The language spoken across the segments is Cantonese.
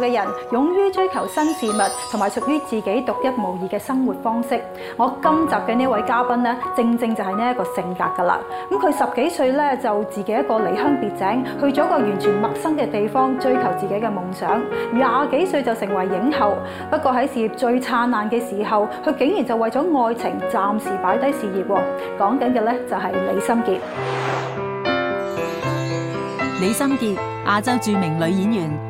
嘅人勇於追求新事物，同埋屬於自己獨一無二嘅生活方式。我今集嘅呢位嘉賓咧，正正就係呢一個性格噶啦。咁佢十幾歲咧就自己一個離鄉別井，去咗一個完全陌生嘅地方追求自己嘅夢想。廿幾歲就成為影后，不過喺事業最燦爛嘅時候，佢竟然就為咗愛情暫時擺低事業。講緊嘅咧就係李心潔，李心潔亞洲著名女演員。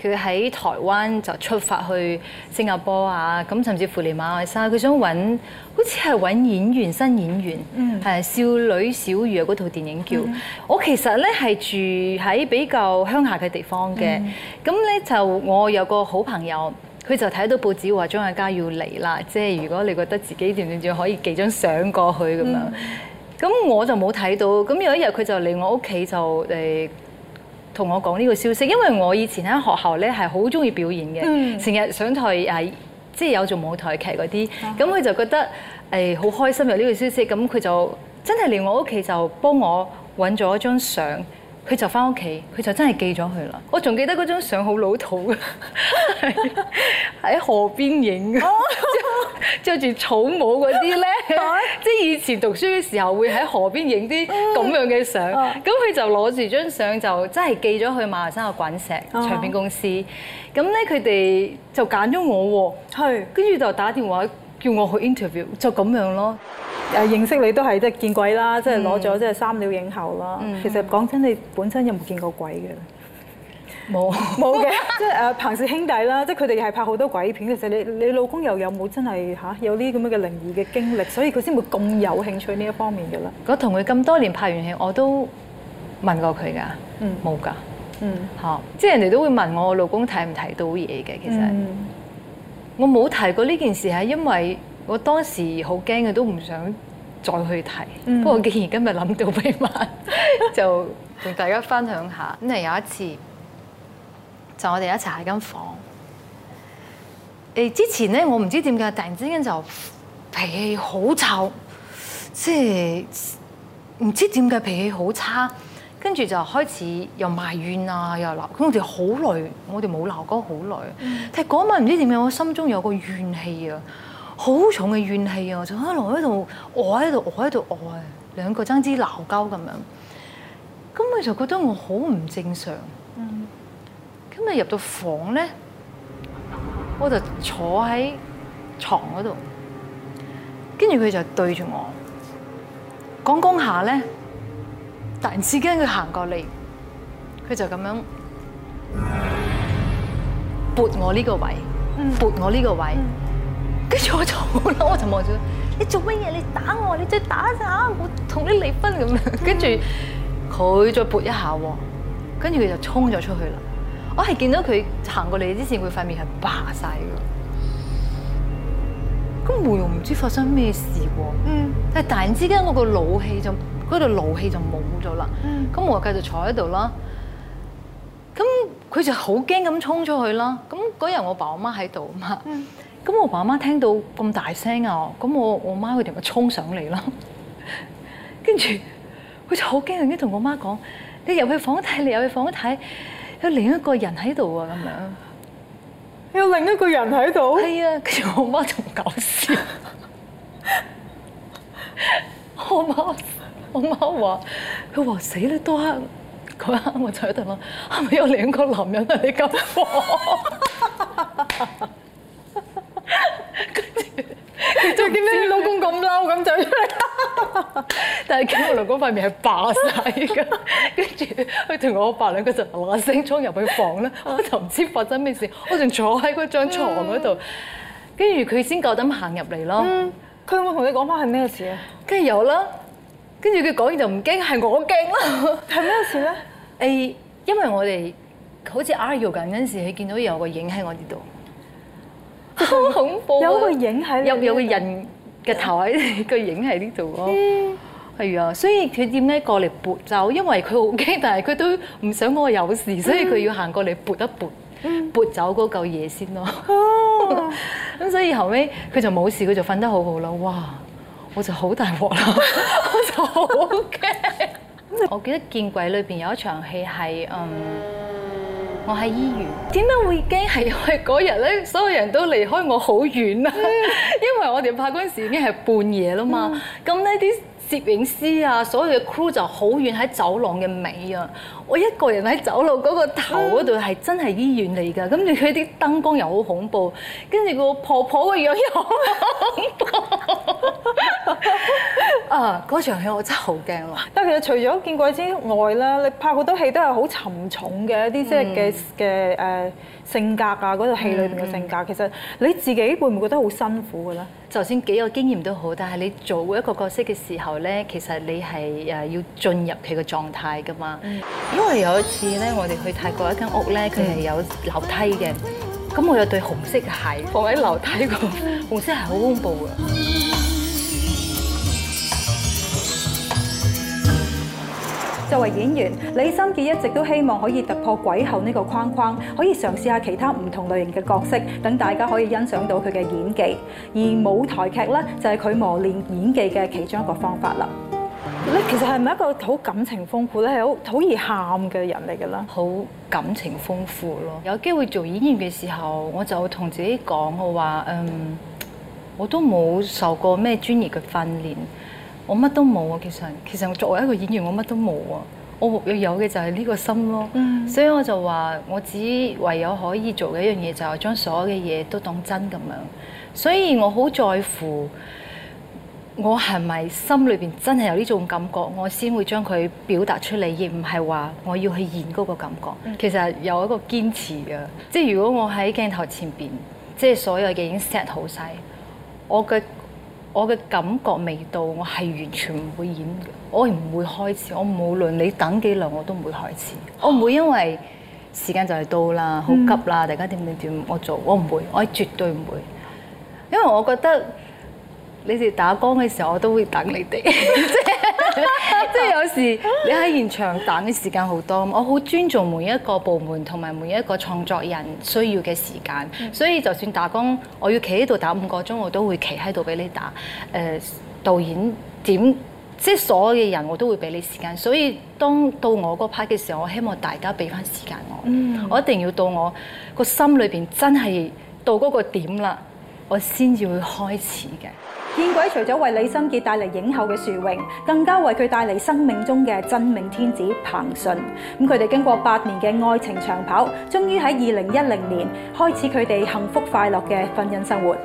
佢喺台灣就出發去新加坡啊，咁甚至乎連馬來西亞，佢想揾好似係揾演員新演員，係、嗯、少女小漁嗰套電影叫。嗯、我其實咧係住喺比較鄉下嘅地方嘅，咁咧、嗯、就我有個好朋友，佢就睇到報紙話張艾嘉要嚟啦，即係如果你覺得自己點點點可以寄張相過去咁樣，咁、嗯、我就冇睇到。咁有一日佢就嚟我屋企就誒、欸同我講呢個消息，因為我以前喺學校咧係好中意表演嘅，成、嗯、日上台誒，即、啊、係、就是、有做舞台劇嗰啲，咁佢、哦、就覺得誒好、欸、開心有呢個消息，咁佢就真係嚟我屋企就幫我揾咗一張相。佢就翻屋企，佢就真係寄咗去啦。我仲記得嗰張相好老土啊，喺 河邊影，嘅，著住草帽嗰啲咧， 即係以前讀書嘅時候會喺河邊影啲咁樣嘅相。咁佢 就攞住張相就真係寄咗去馬來西亞嘅滾石唱片公司。咁咧佢哋就揀咗我喎，跟住是就打電話叫我去 interview，就咁樣咯。誒認識你都係即係見鬼啦，即係攞咗即係三料影后啦。嗯、其實講真，你本身有冇見過鬼嘅？冇冇嘅，即係誒彭氏兄弟啦，即係佢哋係拍好多鬼片。其實你你老公又有冇真係嚇、啊、有啲咁樣嘅靈異嘅經歷？所以佢先會咁有興趣呢一方面嘅啦。我同佢咁多年拍完戲，我都問過佢㗎，冇㗎，嗯，嚇、嗯，即係人哋都會問我老公睇唔睇到嘢嘅，其實、嗯、我冇提過呢件事係因為。我當時好驚嘅，都唔想再去提。不過，既然今日諗到秘密，就同大家分享下。咁誒 有一次，就我哋一齊喺間房。誒之前咧，我唔知點解，突然之間就脾氣好臭，即係唔知點解脾氣好差。跟住就開始又埋怨啊，又鬧。咁我哋好耐，我哋冇鬧過好耐。嗯、但係嗰晚唔知點解，我心中有個怨氣啊。好重嘅怨氣啊！就喺度，喺度，我喺度，我喺度，我啊！兩個爭啲鬧交咁樣，咁佢就覺得我好唔正常。今日入到房咧，我就坐喺床嗰度，跟住佢就對住我講講下咧。突然之間佢行過嚟，佢就咁樣撥我呢個位，嗯、撥我呢個位。嗯嗯。我嘈啦， 我就望住佢。你做乜嘢？你打我！你再打一下，我同你離婚咁樣。跟住佢再撥一下，跟住佢就衝咗出去啦。我係見到佢行過嚟之前，佢塊面係白晒噶。咁慕容唔知發生咩事喎？嗯。 但係突然之間，我怒、那個怒氣就，嗰度怒氣就冇咗啦。嗯。咁我繼續坐喺度啦。咁佢就好驚咁衝出去啦。咁嗰日我爸我媽喺度啊嘛。 咁我爸媽聽到咁大聲啊，咁我我媽佢哋咪衝上嚟咯， 跟住佢就好驚，已經同我媽講：你入去房睇，你入去房一睇，有另一個人喺度啊！咁樣有另一個人喺度。係啊，跟住我媽，媽就搞笑， 我媽我媽話佢話死嘞，多慳，佢慳，我就喺度諗，係咪有兩個男人喺度咁？ 跟住，仲見到你老公咁嬲咁走出嚟？ 但係見我老公塊面係爆晒嘅， 跟住佢同我阿伯兩個就嗱嗱聲衝入去房啦。 我就唔知發生咩事，我仲坐喺嗰張牀嗰度，跟住佢先夠膽行入嚟咯。嗯，佢有冇同你講翻係咩事啊？梗係有啦，跟住佢講完就唔驚，係我驚咯。係咩事咧？誒，因為我哋好似挨搖緊嗰陣時，你見到有個影喺我呢度。好恐怖！有個影喺度，有有個人嘅頭喺個影喺呢度咯。係啊，所以佢點解過嚟撥走？因為佢好驚，但係佢都唔想我有事，所以佢要行過嚟撥一撥，撥走嗰嚿嘢先咯。咁所以後尾佢就冇事，佢就瞓得好好咯。哇！我就好大鑊啦，我就好驚。我記得《見鬼》裏邊有一場戲係嗯。我喺醫院，點解會驚？係因為嗰日咧，所有人都離開我好遠啦，嗯、因為我哋拍嗰陣時已經係半夜啦嘛。咁呢啲攝影師啊，所有嘅 crew 就好遠喺走廊嘅尾啊。我一個人喺走廊嗰個頭嗰度係真係醫院嚟㗎。跟住佢啲燈光又好恐怖，跟住個婆婆個樣又好恐怖。 啊！嗰場戲我真係好驚喎，但係其實除咗見鬼之外咧，你拍好多戲都係好沉重嘅一啲即係嘅嘅誒性格啊，嗰套戲裏邊嘅性格。那個性格嗯、其實你自己會唔會覺得好辛苦嘅咧？就算幾有經驗都好，但係你做一個角色嘅時候咧，其實你係誒要進入佢嘅狀態㗎嘛。因為有一次咧，我哋去泰國一間屋咧，佢係有樓梯嘅。咁我有對紅色嘅鞋放喺樓梯嗰， 紅色鞋好恐怖啊！作為演員，李心潔一直都希望可以突破鬼后呢個框框，可以嘗試下其他唔同類型嘅角色，等大家可以欣賞到佢嘅演技。而舞台劇呢，就係佢磨練演技嘅其中一個方法啦。你其實係咪一個好感情豐富呢，係好好易喊嘅人嚟噶啦？好感情豐富咯。有機會做演員嘅時候，我就同自己講，我話嗯，我都冇受過咩專業嘅訓練。我乜都冇啊！其實，其實作為一個演員，我乜都冇啊！我唯有嘅就係呢個心咯，mm. 所以我就話，我只唯有可以做嘅一樣嘢就係將所有嘅嘢都當真咁樣，所以我好在乎我係咪心裏邊真係有呢種感覺，我先會將佢表達出嚟，而唔係話我要去演嗰個感覺。其實有一個堅持嘅，即係如果我喺鏡頭前邊，即係所有嘢已經 set 好晒。我嘅。我嘅感覺未到，我係完全唔會演嘅。我係唔會開始。我無論你等幾耐，我都唔會開始。我唔會因為時間就嚟到啦，好急啦，大家點點點，我做，我唔會，我絕對唔會。因為我覺得你哋打光嘅時候，我都會等你哋。 即係有時你喺現場等嘅時間好多，我好尊重每一個部門同埋每一個創作人需要嘅時間。所以就算打工，我要企喺度打五個鐘，我都會企喺度俾你打。誒、呃，導演點，即係所有嘅人，我都會俾你時間。所以當到我嗰 part 嘅時候，我希望大家俾翻時間我。我一定要到我個心裏邊真係到嗰個點啦，我先至會開始嘅。見鬼，除咗為李心潔帶嚟影後嘅殊榮，更加為佢帶嚟生命中嘅真命天子彭順。咁佢哋經過八年嘅愛情長跑，終於喺二零一零年開始佢哋幸福快樂嘅婚姻生活。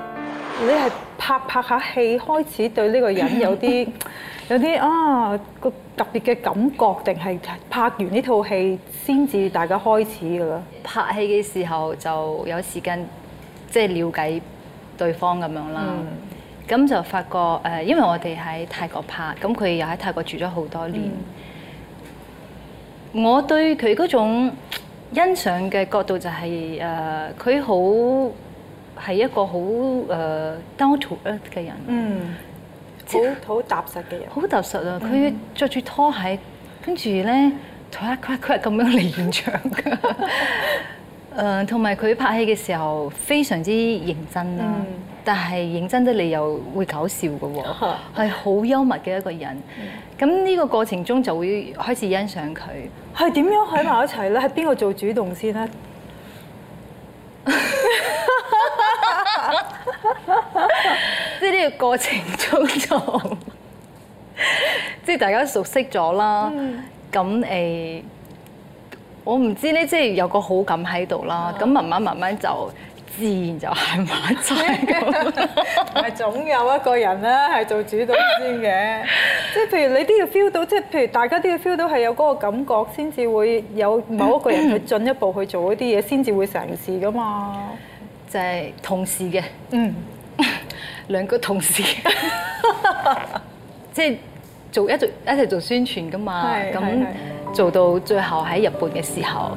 你係拍拍下戲開始對呢個人有啲 有啲啊個特別嘅感覺，定係拍完呢套戲先至大家開始㗎喇？拍戲嘅時候就有時間即係、就是、了解對方咁樣啦。嗯咁就發覺誒，因為我哋喺泰國拍，咁佢又喺泰國住咗好多年。我對佢嗰種欣賞嘅角度就係誒，佢好係一個好誒 down to earth 嘅人，嗯，好好踏實嘅人，好踏實啊！佢着住拖鞋，跟住咧，佢佢佢係咁樣嚟現場。誒，同埋佢拍戲嘅時候非常之認真啦，但係認真得你又會搞笑嘅喎，係好幽默嘅一個人。咁呢個過程中就會開始欣賞佢。係點樣喺埋一齊咧？係邊個做主動先咧？即係呢個過程中，就，即係大家熟悉咗啦。咁誒。我唔知咧，即係有個好感喺度啦，咁、啊、慢慢慢慢就自然就係默契咁。唔係總有一個人咧係做主導先嘅， 即係譬如你都要 feel 到，即係譬如大家都要 feel 到係有嗰個感覺，先至會有某一個人去進一步去做一啲嘢，先至會成事噶嘛。就係同事嘅，嗯，兩個同事，嘅，即係做一做一齊做宣傳噶嘛，咁的。的做到最後喺日本嘅時候，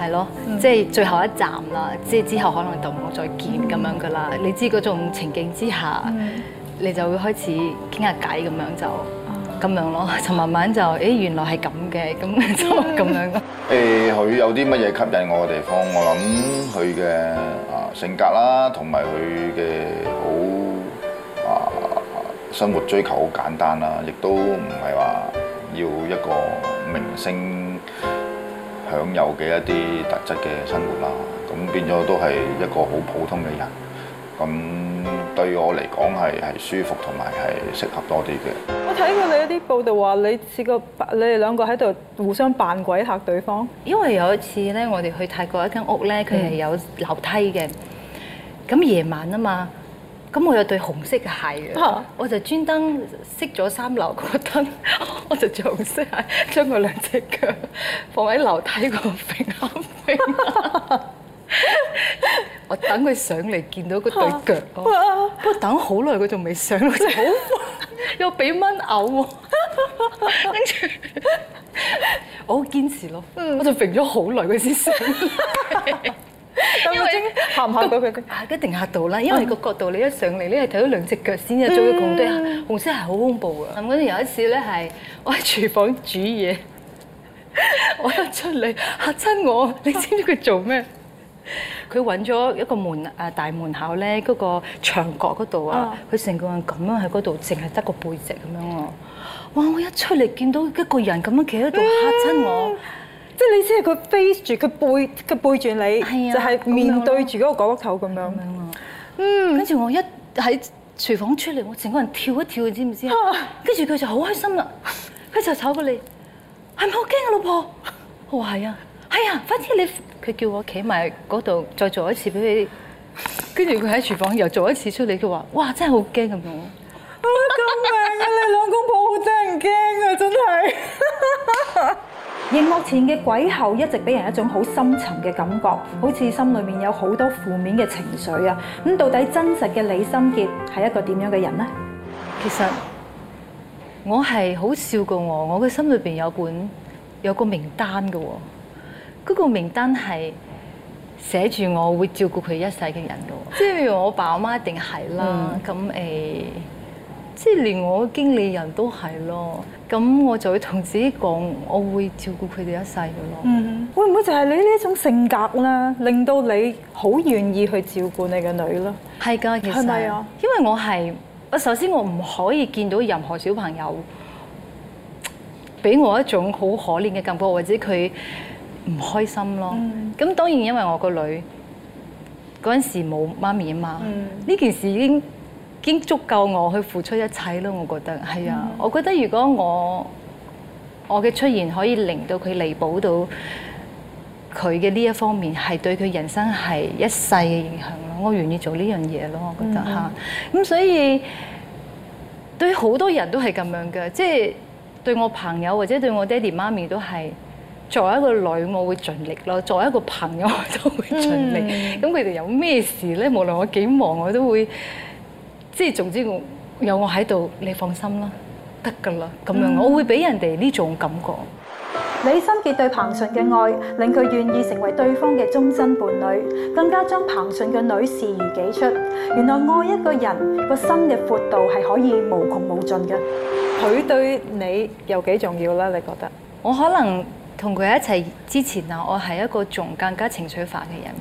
係咯，即係最後一站啦，即係、嗯、之後可能就冇再見咁樣噶啦。嗯、你知嗰種情境之下，嗯、你就會開始傾下偈咁樣就咁樣咯，就慢慢就誒原來係咁嘅，咁就咁樣咯。誒、嗯，佢 有啲乜嘢吸引我嘅地方？我諗佢嘅啊性格啦，同埋佢嘅好啊生活追求好簡單啦，亦都唔係話要一個。聲享有嘅一啲特質嘅生活啦，咁變咗都係一個好普通嘅人，咁對我嚟講，係係舒服同埋係適合多啲嘅。我睇過你一啲報道話，你試過你哋兩個喺度互相扮鬼吓對方，因為有一次咧，我哋去泰國一間屋咧，佢係有樓梯嘅，咁夜晚啊嘛。咁我有對紅色嘅鞋嘅，我就專登熄咗三樓個燈，我就着紅色鞋，將佢兩隻腳放喺樓梯個揈揈，我， 我等佢上嚟見到嗰對腳。不過等好耐佢仲未上，好，又俾蚊咬，跟住我好堅持落，我就揈咗好耐佢先上。 但驚，因為嚇唔嚇到佢？係一定嚇到啦，因為個角度你一上嚟，你係睇到兩隻腳先，做咗咁多，紅色係好恐怖噶。咁陣、嗯、有一次咧，係我喺廚房煮嘢，我一出嚟嚇親我，你知唔知佢做咩？佢揾咗一個門誒，大門口咧嗰、嗰個牆角嗰度啊，佢成、嗯、個人咁樣喺嗰度，淨係得個背脊咁樣喎。哇！我一出嚟見到一個人咁樣企喺度嚇親我。嗯即係你知係佢背住佢背佢背住你，哎、呀就係面對住嗰個角落頭咁樣。嗯，跟住我一喺廚房出嚟，我成個人跳一跳，你知唔知啊？跟住佢就好開心啦，佢就炒過你，係咪好驚啊，老婆？我話係啊，係啊，反正你佢叫我企埋嗰度再做一次俾你，跟住佢喺廚房又做一次出嚟，佢話哇真係好驚咁樣。咁、啊、命嘅、啊、 你兩公婆真～熒幕前嘅鬼后一直俾人一種好深沉嘅感覺，好似心裏面有好多負面嘅情緒啊！咁到底真實嘅李心潔係一個點樣嘅人呢？其實我係好笑過，我我嘅心裏邊有本有個名單噶，嗰、那個名單係寫住我會照顧佢一世嘅人噶。嗯、即係譬如我爸我媽一定係啦，咁誒、嗯。即係連我經理人都係咯，咁我就會同自己講，我會照顧佢哋一世㗎咯。嗯、會唔會就係你呢種性格咧，令到你好願意去照顧你個女咧？係噶，其實係啊。係咪啊？因為我係，我首先我唔可以見到任何小朋友俾我一種好可憐嘅感覺，或者佢唔開心咯。咁、嗯、當然因為我個女嗰陣時冇媽咪啊嘛，呢、嗯、件事已經。已經足夠我去付出一切咯，我覺得係啊。Mm hmm. 我覺得如果我我嘅出現可以令到佢彌補到佢嘅呢一方面，係對佢人生係一世嘅影響咯。我，我願意做呢樣嘢咯，我覺得嚇。咁、mm hmm. 啊、所以對好多人都係咁樣嘅，即係對我朋友或者對我爹哋媽咪都係。作為一個女，我會盡力咯；作為一個朋友，我都會盡力。咁佢哋有咩事咧？無論我幾忙，我都會。即係總之，有我喺度，你放心啦，得噶啦，咁樣、嗯、我會俾人哋呢種感覺。李心潔對彭順嘅愛，令佢願意成為對方嘅終身伴侶，更加將彭順嘅女視如己出。原來愛一個人個心嘅闊度係可以無窮無盡嘅。佢對你有幾重要咧？你覺得？我可能同佢一齊之前啊，我係一個仲更加情緒化嘅人。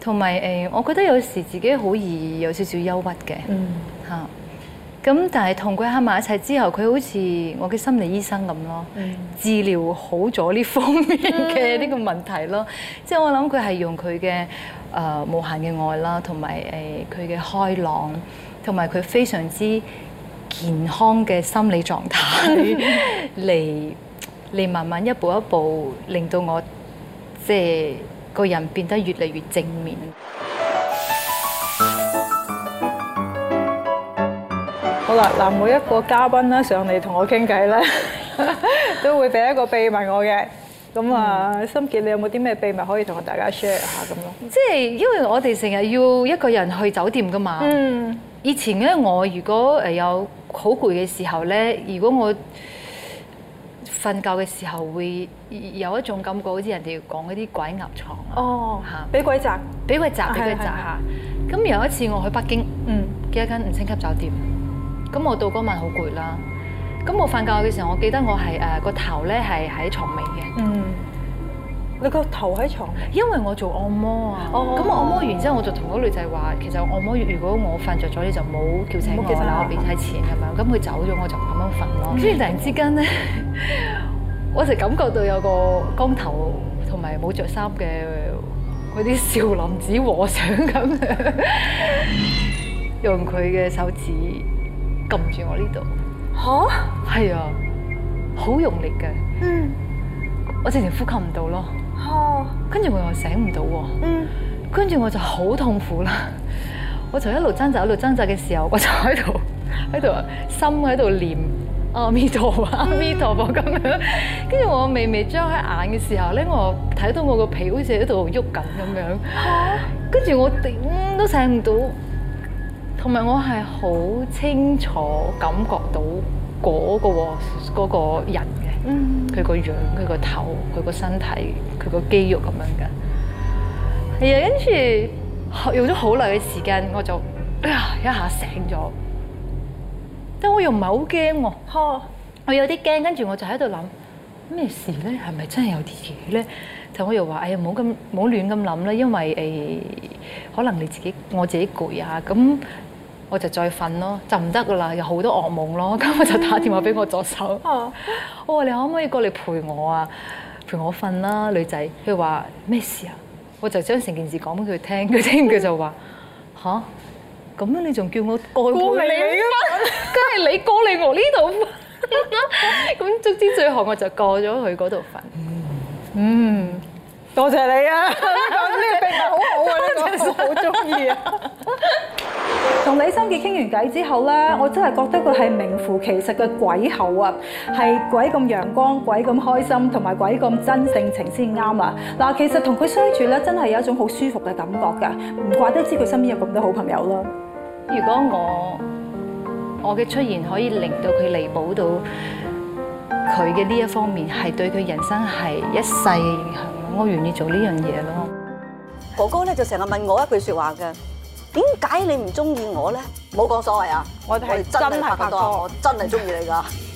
同埋誒，我覺得有時自己好易有少少憂鬱嘅嚇。咁、嗯嗯、但係同佢喺埋一齊之後，佢好似我嘅心理醫生咁咯，嗯、治療好咗呢方面嘅呢個問題咯。即係、嗯、我諗佢係用佢嘅誒無限嘅愛啦，同埋誒佢嘅開朗，同埋佢非常之健康嘅心理狀態嚟，嚟、嗯、 慢慢一步一步，一步令到我即係。個人變得越嚟越正面。好啦，嗱，每一個嘉賓啦，上嚟同我傾偈咧，都會俾一個秘密我嘅。咁啊，嗯、心潔，你有冇啲咩秘密可以同大家 share 下咁咯？即係、嗯、因為我哋成日要一個人去酒店噶嘛。嗯。以前咧，我如果誒有好攰嘅時候咧，如果我瞓覺嘅時候會有一種感覺，好似人哋講嗰啲鬼壓床，哦，嚇俾鬼襲，俾鬼襲俾佢襲嚇。咁有一次我去北京，嗯，嘅一間五星級酒店。咁我到嗰晚好攰啦。咁我瞓覺嘅時候，我記得我係誒個頭咧係喺床尾嘅。嗯，你個頭喺床，因為我做按摩啊。哦咁我按摩完之後，我就同嗰女仔話：其實按摩如果我瞓着咗，你就冇叫醒我啦，我俾曬錢咁樣。咁佢走咗，我就咁樣瞓咯。咁所突然之間咧。我就感覺到有個光頭同埋冇着衫嘅嗰啲少林寺和尚咁， 用佢嘅手指撳住我呢度。吓，係啊，好用力嘅。嗯，我直情呼吸唔到咯。跟住、啊、我又醒唔到喎。嗯，跟住我就好痛苦啦。 我就一路掙扎，一路掙扎嘅時候，我就喺度，喺度心喺度念。阿彌陀佛，阿彌陀佛咁樣，跟 住我微微張開眼嘅時候咧，我睇到我個皮好似喺度喐緊咁樣，跟住、啊、我點都醒唔到，同埋我係好清楚感覺到嗰、嗰個，嗰、嗰個人嘅，佢個、嗯、樣，佢個頭，佢個身體，佢個肌肉咁樣噶，係 啊，跟住用咗好耐嘅時間，我就哎呀、呃、一下醒咗。但我又唔係好驚喎，呵我有啲驚，跟住我就喺度諗咩事咧？係咪真係有啲嘢咧？就我又話：哎呀，唔好咁，唔好亂咁諗啦，因為誒、呃、可能你自己我自己攰啊，咁、嗯、我就再瞓咯，就唔得噶啦，有好多噩夢咯。咁我就打電話俾我助手，嗯、我話你可唔可以過嚟陪我啊？陪我瞓啦，女仔。佢話咩事啊？我就將成件事講俾佢聽，佢聽佢就話吓。嗯」咁樣你仲叫我，我過嚟？唔係你啊，都係你過嚟我呢度瞓。咁足之最後我就過咗去嗰度瞓。嗯，多、嗯、謝，謝你啊！呢 個秘密好好啊，我真係好中意啊。同 李心潔傾完偈之後咧，我真係覺得佢係名副其實嘅鬼后啊，係鬼咁陽光、鬼咁開心，同埋鬼咁真性情先啱啊！嗱，其實同佢相處咧，真係有一種好舒服嘅感覺㗎，唔怪得知佢身邊有咁多好朋友啦。如果我我嘅出現可以令到佢彌補到佢嘅呢一方面，係對佢人生係一世嘅影響，我願意做呢樣嘢咯。哥哥咧就成日問我一句說話嘅，點解你唔中意我咧？冇講所謂啊，我哋係真係拍拖，我真係中意你噶。